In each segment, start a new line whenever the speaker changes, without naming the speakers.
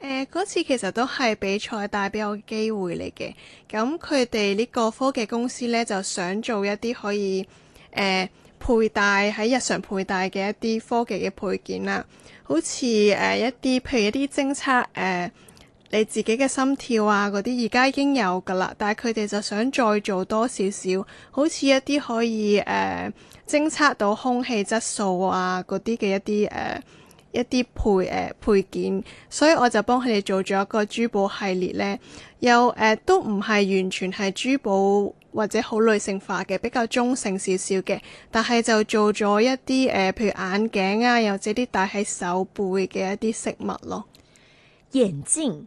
誒嗰、呃、次其實都係比賽帶俾我機會嚟嘅，咁佢哋呢個科技公司呢，就想做一啲可以誒佩戴喺日常佩戴嘅一啲科技嘅配件啦，好似誒、呃、一啲譬如一啲偵測誒、呃、你自己嘅心跳啊嗰啲，而家已經有噶啦，但係佢哋就想再做多少少，好似一啲可以誒、呃、偵測到空氣質素啊嗰啲嘅一啲誒。呃一啲配誒配件，所以我就幫佢哋做咗一個珠寶系列咧，又誒、呃、都唔係完全係珠寶或者好女性化嘅，比較中性少少嘅，但係就做咗一啲誒，譬、呃、如眼鏡啊，又或者啲戴喺手背嘅一啲飾物咯。
眼鏡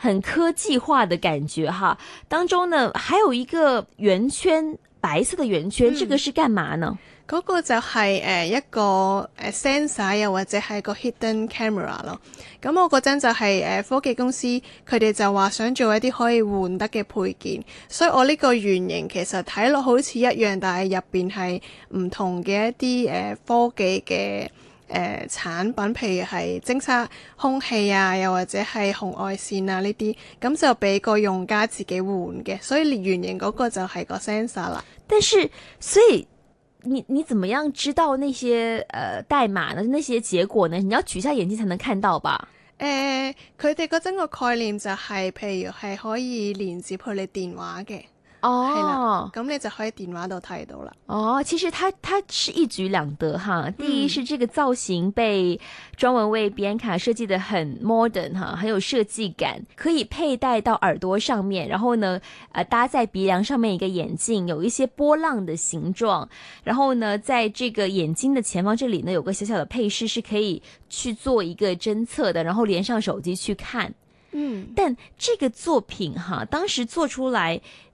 很科技化的感覺哈，當中呢還有一個圓圈，白色的圓圈，嗯、這個是幹嘛呢？
嗰個就係誒一個誒 sensor 又或者係個 hidden camera 咯，咁我嗰陣就係誒科技公司佢哋就話想做一啲可以換得嘅配件，所以我呢個圓形其實睇落好似一樣，但係入邊係唔同嘅一啲誒科技嘅。誒、呃、產品，譬如係偵測空氣啊，又或者係紅外線啊呢啲，咁就俾個用家自己換嘅。所以圓形嗰個就係個 sensor 啦。但是，所以你你怎麼樣知道那些
誒、呃、代碼呢？那些結果呢？你要舉下眼睛才能看到吧？
誒、呃，佢哋嗰陣個概念就係、是，譬如係可以連接佢哋電話嘅。哦，咁、oh，你就可以喺電話度睇到啦。
哦，其實它它是一舉兩得哈，第一是這個造型被專門為比安卡設計得很 modern 哈、嗯，很有設計感，可以佩戴到耳朵上面。然後呢、呃，搭在鼻梁上面一個眼鏡，有一些波浪的形狀。然後呢，在這個眼睛的前方這裏呢，有個小小的配飾，是可以去做一個偵測的，然後連上手機去看。嗯，但這個作品哈，當時做出來。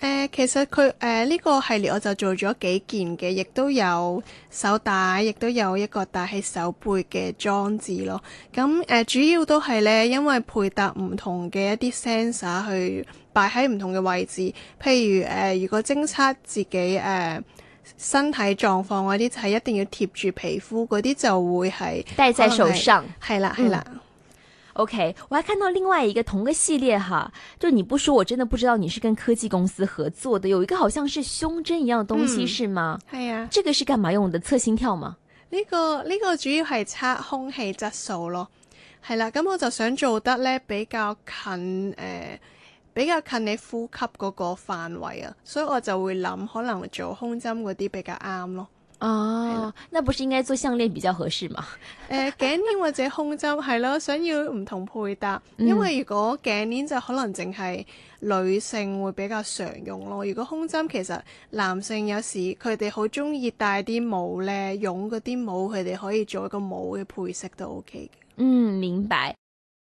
誒、呃，其實佢誒呢個系列我就做咗幾件嘅，亦都有手帶，亦都有一個戴喺手背嘅裝置咯。咁、嗯呃、主要都係咧，因為配搭唔同嘅一啲 sensor 去擺喺唔同嘅位置，譬如誒、呃，如果偵測自己誒、呃、身體狀況嗰啲，就係、是、一定要貼住皮膚嗰啲就會係戴在手上，係啦，係啦。嗯。O、okay, K，我還看
到另外一個同一個系列哈，就你不說，我真的不知道你是跟科技公司合作的。有一個好像是胸針一樣東西，嗯、是嗎？
係啊，
這個是幹嘛用的？測心跳嗎？
呢、這個呢、這個主要係測空氣質素咯。係啦，咁我就想做得咧比較近誒、呃，比較近你呼吸嗰個範圍啊，所以我就會諗可能做胸針嗰啲比較啱咯。哦，啊、了那不是應該做項鏈比較合適嗎？誒、呃，頸鏈 或者胸針係咯，想要唔同配搭，嗯、因為如果頸鏈就可能淨係女性會比較常用咯。如果胸針其實男性有時佢哋好中意戴啲帽咧，用嗰啲帽佢哋可以做一個帽嘅配飾都 OK 嘅。嗯，
明白。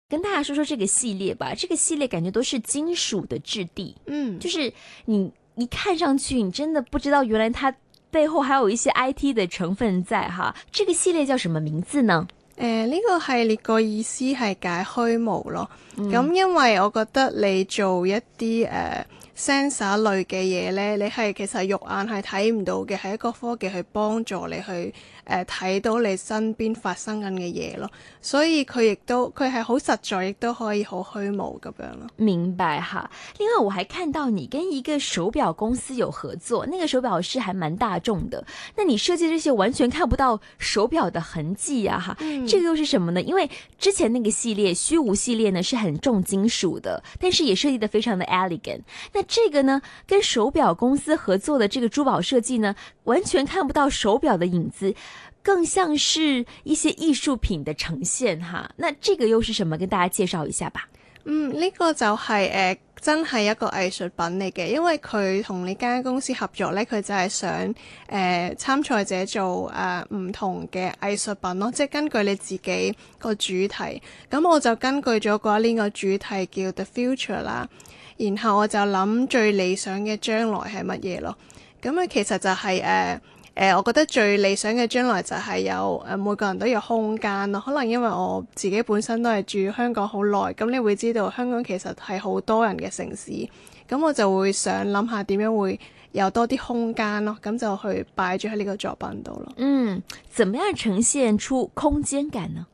跟大家說說這個系列吧，這個系列感覺都是金屬的質地，嗯，就是你一看上去，你真的不知道原來它。背後還有一些 IT 的成分
在哈，這個系列叫什麼名字呢？誒、呃，呢、呢個系列個意思係解虛無咯。咁、嗯嗯、因為我覺得你做一啲誒、呃、sensor 類嘅嘢呢，你係其實肉眼係睇唔到嘅，係一個科技去幫助你去。誒睇、呃、到你身邊發生緊嘅嘢咯，所以佢亦都佢係好實在，亦都可以好虛無咁樣咯。明白哈。另外，我還看到你跟一個
手表公司有合作，那個手表是還蠻大眾的。那你設計這些完全看不到手表的痕跡呀、啊？哈、嗯，這個又是什麼呢？因為之前那個系列虛無系列呢，是很重金屬的，但是也設計得非常的 elegant。那這個呢，跟手表公司合作的這個珠寶設計呢，完全看不到手表的影子。更像是一些藝術品的呈現哈，那這個又是什麼？跟大家介紹一下吧。
嗯，呢、這個就係、是、誒、呃、真係一個藝術品嚟嘅，因為佢同呢間公司合作咧，佢就係想誒參賽者做誒唔、呃、同嘅藝術品咯，即係根據你自己個主題。咁我就根據咗嗰一呢個主題叫 The Future 啦，然後我就諗最理想嘅將來係乜嘢咯？咁啊，其實就係、是、誒。呃誒、呃，我覺得最理想嘅將來就係有、呃、每個人都有空間咯。可能因為我自己本身都係住香港好耐，咁你會知道香港其實係好多人嘅城市，咁我就會想諗下點樣會有多啲空間咯，咁就去擺咗喺呢個作品度咯。嗯，怎麼樣呈現出空間感呢？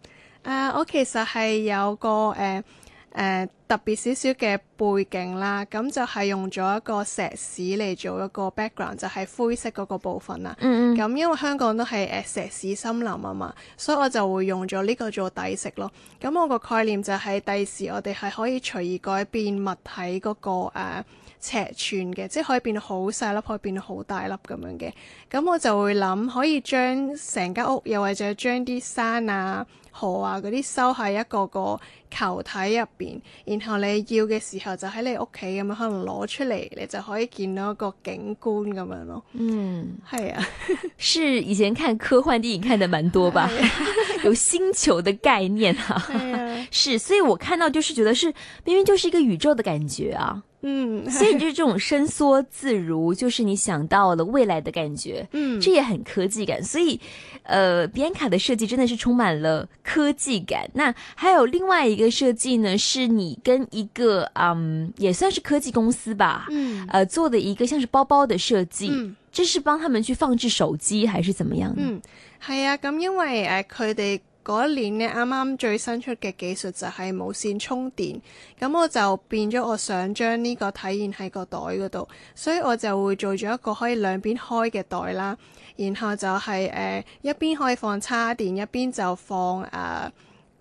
啊、呃，我其實係有個誒。呃誒、呃、特別少少嘅背景啦，咁就係用咗一個石屎嚟做一個 background，就係灰色嗰個部分啦。咁、mm hmm. 因為香港都係石屎森林啊嘛，所以我就會用咗呢個做底色咯。咁我個概念就係第時我哋係可以隨意改變物體嗰個誒、呃、尺寸嘅，即係可以變到好細粒，可以變到好大粒咁樣嘅。咁我就會諗可以將成間屋，又或者將啲山啊～河啊，嗰啲收喺一個個球體入邊，然後你要嘅時候就喺你屋企咁樣可能攞出嚟，你就可以見到一個景觀咁樣咯。嗯，係啊，
是以前看科幻電影看得蠻多吧？ 有星球的概念啊。
是，所以
我看到就是覺得是，明明就是一個宇宙的感覺啊，嗯，所
以就是這種
伸縮自如， 就是你想到了未來的感覺，嗯，這也很科技感。所以，呃，Bianca 的設計真的是充滿了科技感。那還有另外一個設計呢，是你跟一個嗯，也算是科技公司吧，嗯，呃，做的一個像是包包的設計，嗯，這是幫他們去放置手機還是怎麼樣的？
嗯，是啊，咁因為誒，佢、呃、哋。嗰一年呢，啱啱最新出嘅技術就係無線充電，咁我就變咗。我想將呢個體現喺個袋嗰度，所以我就會做咗一個可以兩邊開嘅袋啦。然後就係、是、誒、呃、一邊可以放叉電，一邊就放誒。呃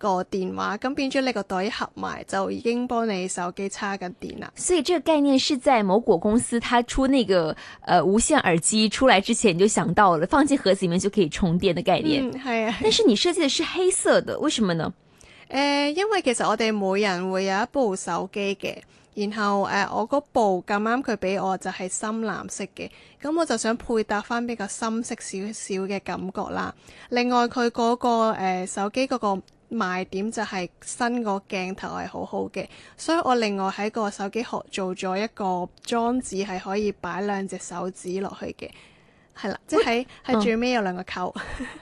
個電話咁變咗你個袋合埋，就已經幫你手機插緊電啦。
所以，這個概念是在某果公司，他出那個誒、呃、無線耳機出來之前，你就想到了放進盒子裡面就可以充電
的概念。係、嗯、啊，但是你設計的是黑色的，為什麼呢？呃、因為其實我哋每人會有一部手機嘅，然後誒、呃、我嗰部咁啱佢俾我就係深藍色嘅，咁我就想配搭翻比較深色少少嘅感覺啦。另外，佢嗰個誒手機嗰個。呃賣點就係新個鏡頭係好好嘅，所以我另外喺個手機學做咗一個裝置，係可以擺兩隻手指落去嘅。係啦，即係係最尾有兩個扣，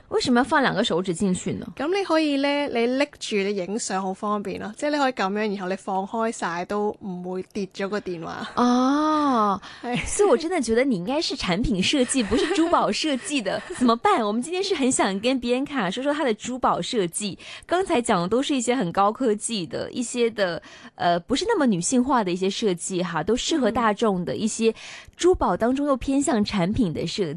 為什麼要放兩個手指進去呢？
咁你可以咧，你拎住你影相好方便咯，啊，即係你可以咁樣，然後你放開晒都唔會跌咗個電話。
哦、係， 所以我真的覺得你應該是產品設計，不是珠寶設計的。 怎麼辦？我們今天是很想跟 Bianka 說說他的珠寶設計，剛才講的都是一些很高科技的一些的，呃，不是那麼女性化的一些設計哈，都適合大衆的一些珠寶當中又偏向產品的設。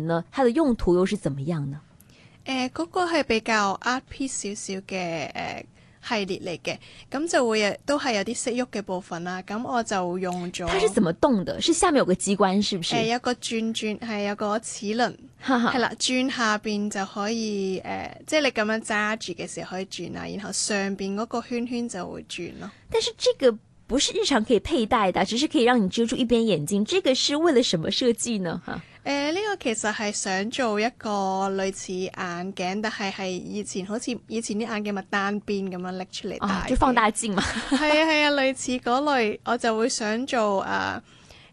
呢？它的用途又是怎麼樣呢？
呃，那個係比較 art piece 少少嘅系列嚟嘅，咁就會誒都係有啲識喐嘅部分啦。咁我就用咗。它是
怎麼動的？是下面有個機關，是不是？係、呃、有
個轉轉，係有個齒輪，係哈啦，轉下邊就可以誒、呃，即係你咁樣揸住嘅時候可以轉啊，然後上邊嗰個圈圈就會轉咯。啊。但是這個
不是日常可以佩戴的，只是可以讓你遮住一邊眼睛。這個是為了什麼設計呢？哈、啊？
誒呢、呃這個其實係想做一個類似眼鏡，但係係以前好似以前啲眼鏡咪單邊咁樣拎出嚟戴嘅。啊、就放大字嘛？係 啊係啊，類似嗰類，我就會想做啊、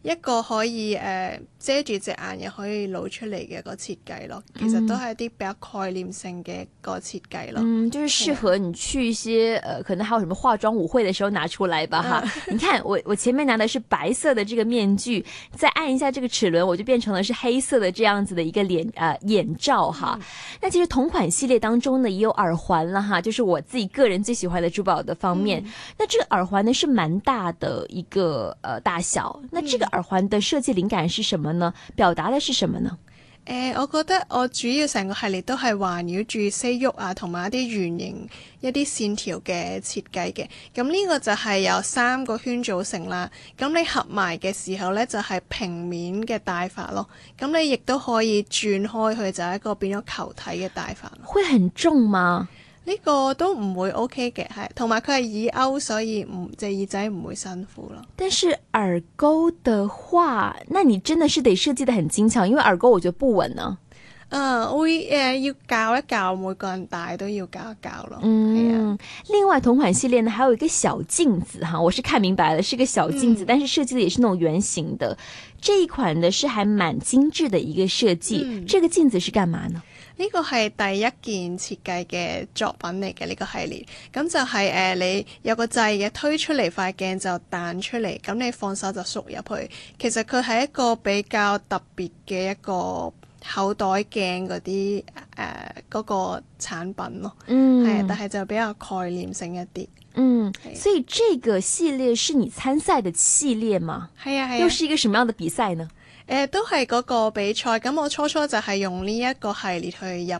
呃、一個可以誒。呃遮住隻眼也可以露出嚟嘅一個設計咯，其實都係一啲比較概念性嘅一個設計咯。嗯，就是適合
你去一些，呃，可能還有什麼化妝舞會的時候拿出來吧，啊、哈。你看我我前面拿的是白色的這個面具，再按一下這個齒輪，我就變成了是黑色的這樣子的一個臉，呃，眼罩哈。嗯、那其實同款系列當中呢，也有耳環啦哈，就是我自己個人最喜歡的珠寶的方面。嗯、那這個耳環呢，是蠻大的一個呃大小，那這個耳環的設計靈感是什麼？嗯表達
的是什麼呢？誒、欸，我覺得我主要成個系列都係環繞住西 U 啊，同埋一啲圓形、一啲線條嘅設計嘅。咁呢個就係由三個圈組成啦。咁你合埋嘅時候呢，就係、是、平面嘅戴法咯。咁你亦都可以轉開佢，就係一個變咗球體嘅戴法。
會很重嗎？
呢個都唔會 OK 嘅，係同埋佢係耳鈎，所以唔只耳仔唔會辛苦咯。
但是耳鈎的話，那你真的是得設計得很精巧，因為耳鈎我覺得不穩呢、
啊。誒、嗯，會誒、呃、要教一教，每個人大都要教一教咯。
嗯、啊、另外同款系列呢，還有一個小鏡子哈，我是看明白了，是個小鏡子，嗯、但是設計的也是那種圓形的。這一款呢是還蠻精緻的一個設計，嗯、這個鏡子是幹嘛呢？
呢個係第一件設計嘅作品嚟嘅呢個系列，咁就係、是、誒、呃、你有個掣嘅推出嚟塊鏡就彈出嚟，咁你放手就縮入去。其實佢係一個比較特別嘅一個口袋鏡嗰啲誒嗰個產品咯，係、嗯，但係就比較概念性一啲。嗯，
係，所以這個系列是
你參賽的系列嘛？係啊係啊，是啊，又是一個什麼樣的比賽呢？誒都係嗰個比賽，咁我初初就係用呢一個系列去入。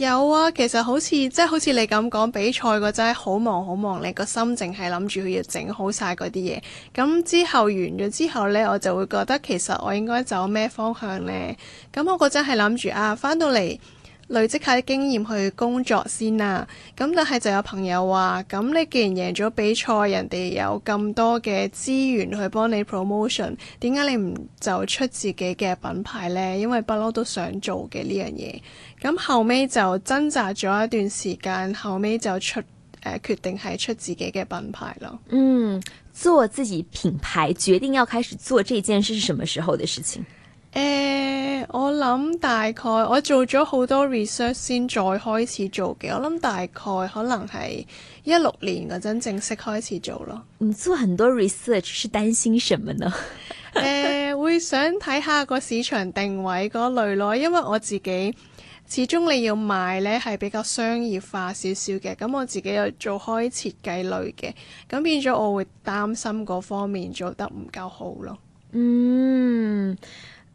有啊，其實好似即係好似你咁講比賽嗰陣，好忙好忙，你個心淨係諗住佢要整好晒嗰啲嘢。咁之後完咗之後呢，我就會覺得其實我應該走咩方向呢？咁我嗰陣係諗住啊，翻到嚟。累積下啲經驗去工作先啦。咁但係就有朋友話，咁你既然贏咗比賽，人哋有咁多嘅資源去幫你 promotion，點解你唔就出自己嘅品牌呢？因為不嬲都想做嘅呢樣嘢。咁後尾就掙扎咗一段時間，後尾就出誒、呃、決定係出自己嘅品牌咯。嗯，做
自己品牌，決定要開始做這件事，是什麼時候的事情？
誒、欸，我諗大概我做咗好多 research 先再開始做嘅，我諗大概可能係一六年嗰陣正式開始做咯。你做很多 research 是擔心什麼呢？誒、 欸，會想睇下個市場定位嗰類咯，因為我自己始終你要賣呢係比較商業化少少嘅，咁我自己又做開設計類嘅，咁變咗我會擔心嗰方面做得唔夠好咯。嗯。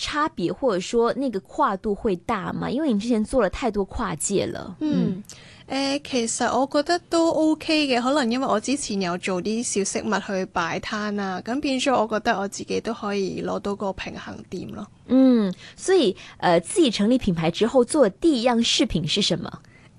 差別或者說那個跨度
會大嗎？因為你之前做了太多跨界了。嗯，誒、嗯呃，其實我覺得都 OK 嘅，可能因為我之前有做啲小飾物去擺攤啊，咁變咗我覺得我自己都可以攞到個平衡點咯。嗯，
所以，誒、呃，自己成立品牌之後做的第一樣飾品是什麼？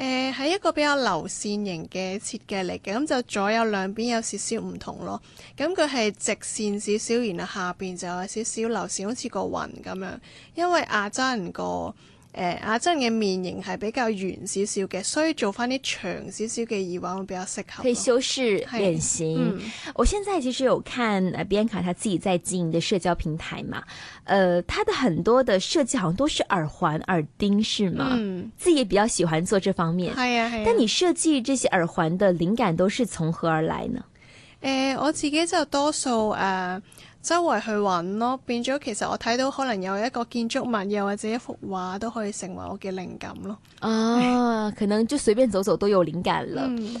誒喺、呃、一個比較流線型嘅設計嚟嘅，咁就左右兩邊有少少唔同咯。咁佢係直線少少，然後下邊就有少少流線，好似個雲咁樣。因為亞洲人個誒、呃，阿真嘅面型係比較圓少少嘅，所以做翻啲長少少嘅耳環會比較適合。可以修飾臉型。
啊嗯、我現在其實有看阿 Bianca 他自己在經營嘅社交平台嘛，誒、呃，他的很多的設計好像都是耳環、耳釘，是嗎？嗯，自己也比較喜歡做這方面。係啊，係、啊。但你設計這些耳環的靈感都是從何而來呢？誒、
呃，我自己就多數誒、啊。.周圍去揾咯，變咗其實我睇到可能有一個建築物，又或者一幅畫都可以成為我嘅靈感咯。
啊，可能就隨便走走都有靈感啦。嗯。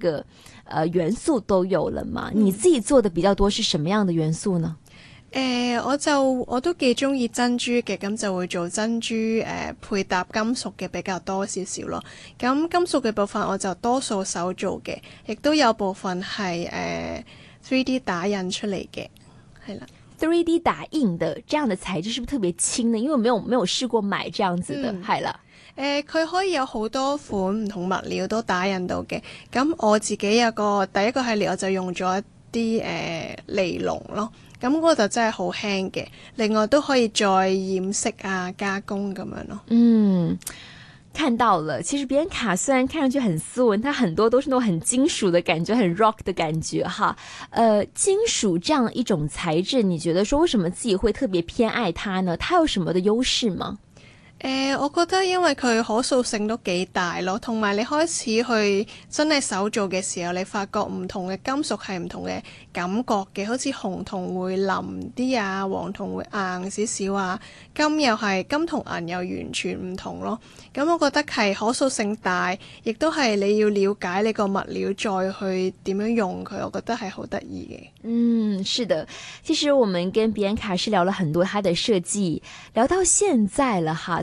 這個呃元素都有了嘛，嗯、你自己做的比較多是什麼樣的元素呢？誒、
呃，我就我都幾中意珍珠嘅，咁就會做珍珠誒、呃、配搭金屬嘅比較多少少咯。咁金屬嘅部分我就多數手做嘅，亦都有部分係誒 3D 打印出嚟嘅，係啦。3D 打印的這樣的材質是不是特別輕呢？因為我沒有沒有試過買這樣子的，係啦、嗯。誒，佢可以有好多款唔同物料都打印到嘅。咁我自己有個第一個系列，我就用咗一啲誒尼龍咯。咁嗰個就真係好輕嘅。另外都可以再染色啊，加工咁樣咯。嗯，看到了。其實邊
卡雖然看上去很斯文，它很多都是嗰種很金屬嘅感覺，很 rock 嘅感覺哈。誒、呃，金屬這樣一種材質，你覺得說為什麼自己會特別偏愛它呢？
它有什麼嘅優勢嗎？誒、嗯，我覺得因為佢可塑性都幾大咯，同埋你開始去真係手做嘅時候，你發覺唔同嘅金屬係唔同嘅感覺嘅，好似紅銅會腍啲啊，黃銅會硬少少啊，金又係金同銀又完全唔同咯。咁我覺得係可塑性大，亦都係你要了解你個物料再去點樣用佢，我覺得係好得意嘅。嗯，
是的，其實我們跟比安卡是聊了很多，他的設計聊到現在了哈。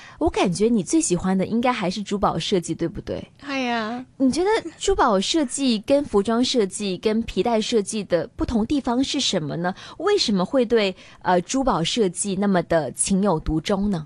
我感覺你最喜歡的應該還是珠寶設計，對不對？係啊，你覺得珠寶設計跟服裝設計跟皮帶設計的不同地方是什麼呢？為什麼會對，呃，珠寶設計那麼的情有獨鍾呢？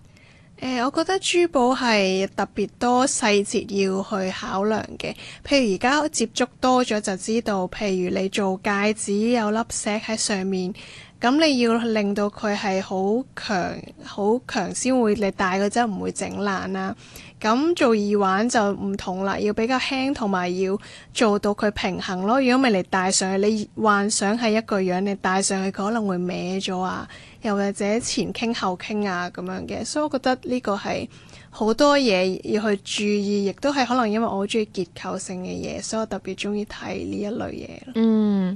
誒，
呃，我覺得珠寶係特別多細節要去考量嘅，譬如而家接觸多咗就知道，譬如你做戒指有粒石喺上面。咁你要令到佢係好強好強先會你戴個陣，唔會整爛啦。咁做耳環就唔同啦，要比較輕同埋要做到佢平衡咯。如果咪你戴上去，你幻想係一個樣，你戴上去佢可能會歪咗啊，又或者前傾後傾啊咁樣嘅。所以我覺得呢個係好多嘢要去注意，亦都係可能因為我好中意結構性嘅嘢，所以我特別中意睇呢一類嘢
咯。嗯。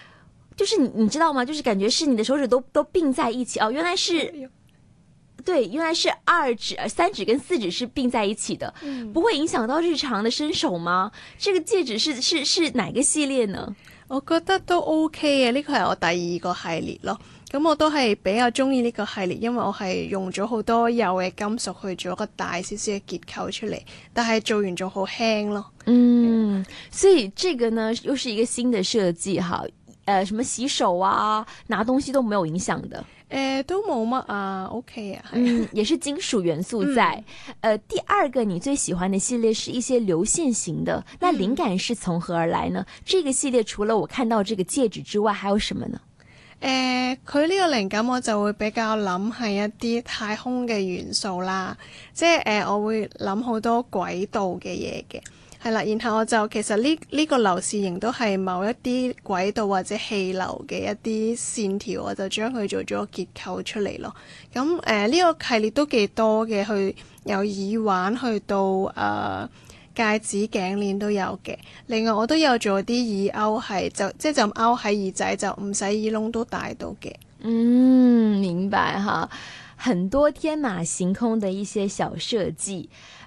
就是你你知道嗎？就是感覺是你的手指都都併在一起哦。原來是，對，原來是二指、三指跟四指是併在一起的，不會影響到日常的伸手嗎？這個戒指是是是哪個系列呢？
我覺得都 OK 啊，呢個係我第二個系列咯。咁我都係比較中意呢個系列，因為我係用咗好多有嘅金屬去做一個大少少嘅結構出嚟，但係做完仲好輕咯。嗯，所以這個呢又是一個新的設計哈。呃，什麼洗手
啊，拿東西都沒有影響的。誒、呃，都冇乜啊，OK 啊。嗯，也是金屬元素在，嗯呃。第二個你最喜歡的系列是一些流線型的，嗯，那靈感是從何而來呢？這個系列除了我看到這個戒指之外，還有什麼呢？誒、
呃，佢呢個靈感我就會比較諗係一啲太空嘅元素啦，即係誒、呃、我會諗好多軌道嘅嘢嘅。係啦，然後我就其實呢呢、這個流線型都係某一啲軌道或者氣流嘅一啲線條，我就將佢做咗結構出嚟咯。咁誒呢個系列都幾多嘅，去有耳環去到誒、呃、戒指、頸鏈都有嘅。另外我都有做啲耳勾系，係就即係就勾喺耳仔，就唔使耳窿都帶到嘅。
嗯，明白嚇，很多天馬行空嘅一些小設計。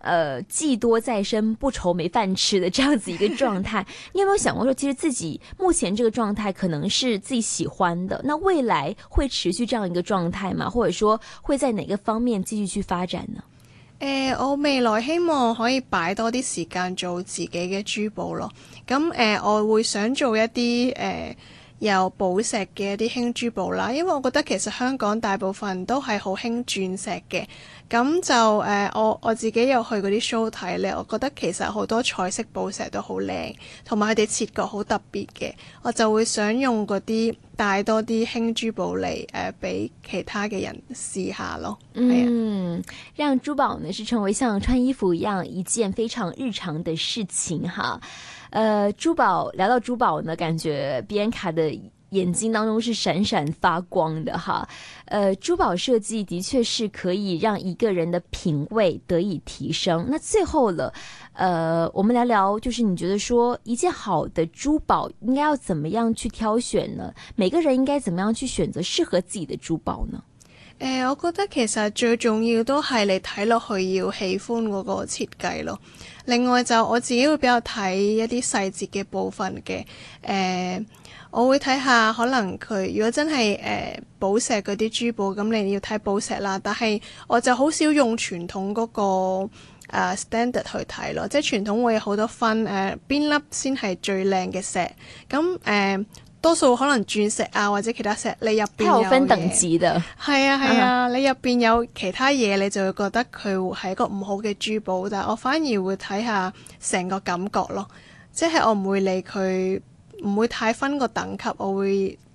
呃、技多在身，不愁沒飯吃的這樣子一個狀態， 你有沒有想過說，其實自己目前這個狀態可能是自己喜歡的，那未來會持續這樣一個狀態嗎？或者說會在哪個方面繼續去發展呢？誒、
呃，我未來希望可以擺多啲時間做自己嘅珠寶咯。咁、嗯、誒、呃，我會想做一啲誒、呃、有寶石嘅一啲輕珠寶啦，因為我覺得其實香港大部分都係好興鑽石嘅。咁就誒、呃，我我自己又去嗰啲 show 睇咧，我覺得其實好多彩色寶石都好靚，同埋佢哋切割好特別嘅，我就會想用嗰啲帶多啲輕珠寶嚟誒，俾、呃、其他嘅人試下咯。嗯
，Yeah. 讓珠寶呢是成為像穿衣服一樣一件非常日常的事情哈。誒、呃，珠寶，聊到珠寶呢，感覺 Bianca 的。眼睛當中是閃閃發光的哈，呃，珠寶設計的確是可以讓一個人的品味得以提升。那最後了，呃，我們聊聊，就是你覺得說一件好的珠寶應該要怎麼樣去挑選呢？每個人應該怎麼樣去選擇適合自己的珠寶呢？誒、
呃，我覺得其實最重要都係你睇落去要喜歡嗰個設計咯。另外就我自己會比較睇一啲細節嘅部分嘅，誒、呃。我會睇下可能佢如果真係誒、呃、寶石嗰啲珠寶咁，那你要睇寶石啦。但係我就好少用傳統嗰、那個、呃、standard 去睇咯，即係傳統會有好多分誒，邊、呃、粒先係最靚嘅石。咁誒、呃、多數可能鑽石啊或者其他石，你入邊有分等級㗎，係啊係啊，啊 uh huh. 你入邊有其他嘢，你就會覺得佢係一個唔好嘅珠寶。但係我反而會睇下成個感覺咯，即係我唔會理佢。唔會太分個等級，我會。